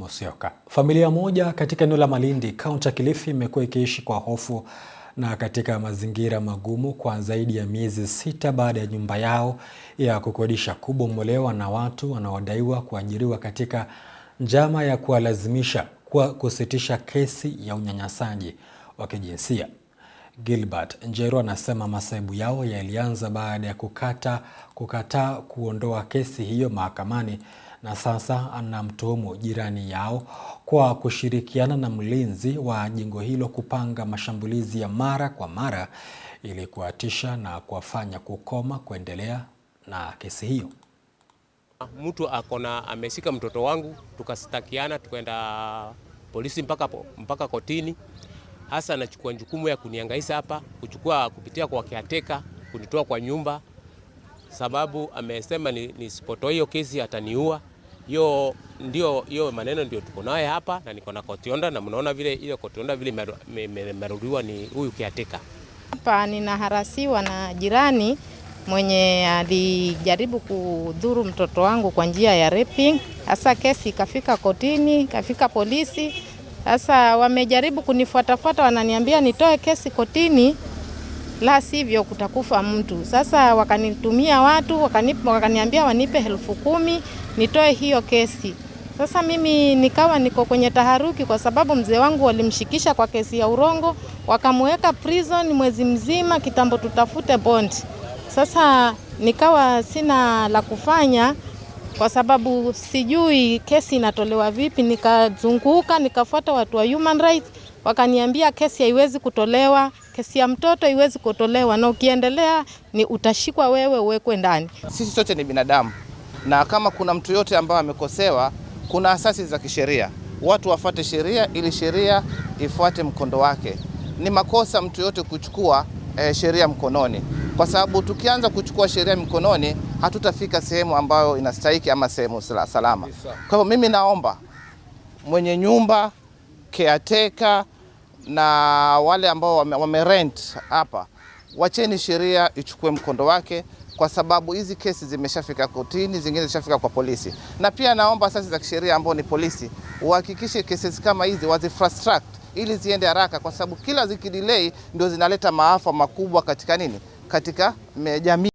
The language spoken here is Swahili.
Musyoka. Familia moja katika eneo la Malindi, kaunti ya Kilifi imekuwa ikiishi kwa hofu na katika mazingira magumu kwa zaidi ya miezi sita baada ya nyumba yao ya kukodisha kubomolewa na watu wanaodaiwa kuajiriwa katika njama ya kuwalazimisha kwa kusitisha kesi ya unyanyasaji wa kijinsia. Gilbert Njeru anasema masaibu yao yalianza baada ya kukata kukataa kuondoa kesi hiyo mahakamani na sasa anamtuhumu jirani yao kwa kushirikiana na mlinzi wa jengo hilo kupanga mashambulizi ya mara kwa mara ili kuatisha na kuwafanya kukoma kuendelea na kesi hiyo. Mtu akona ameshika mtoto wangu, tukastakiana, tukaenda polisi mpaka, mpaka kotini hasa anachukua jukumu ya kuniangaisha hapa, kuchukua kupitia kwa kiateka, kunitoa kwa nyumba, sababu amesema nisipotoa ni hiyo kesi ataniua. Hiyo ndio hiyo maneno ndio tuko naye hapa, na niko na kotionda, na mnaona vile ile kotionda vile imeruliwa ni huyu kiateka. Hapa ninaharasiwa na jirani mwenye alijaribu kudhuru mtoto wangu kwa njia ya raping. Hasa kesi ikafika kotini, ikafika polisi sasa wamejaribu kunifuatafuata, wananiambia nitoe kesi kotini, la sivyo kutakufa mtu. Sasa wakanitumia watu wakanipa, wakaniambia wanipe elfu kumi nitoe hiyo kesi. Sasa mimi nikawa niko kwenye taharuki, kwa sababu mzee wangu walimshikisha kwa kesi ya urongo, wakamweka prison mwezi mzima, kitambo tutafute bond. Sasa nikawa sina la kufanya kwa sababu sijui kesi inatolewa vipi. Nikazunguka nikafuata watu wa human rights, wakaniambia kesi haiwezi kutolewa, kesi ya mtoto haiwezi kutolewa, na ukiendelea ni utashikwa wewe uwekwe ndani. Sisi sote ni binadamu, na kama kuna mtu yote ambaye amekosewa, kuna asasi za kisheria, watu wafuate sheria ili sheria ifuate mkondo wake. Ni makosa mtu yote kuchukua e, sheria mkononi, kwa sababu tukianza kuchukua sheria mkononi hatutafika sehemu ambayo inastahiki ama sehemu salama. Kwa hivyo mimi naomba mwenye nyumba caretaker na wale ambao wamerent wame hapa, wacheni sheria ichukue mkondo wake kwa sababu hizi kesi zimeshafika kotini, zingine zishafika kwa polisi. Na pia naomba asasi za kisheria ambao ni polisi uhakikishe kesi kama hizi wazi ili ziende haraka, kwa sababu kila zikidelay ndio zinaleta maafa makubwa katika nini, katika jamii.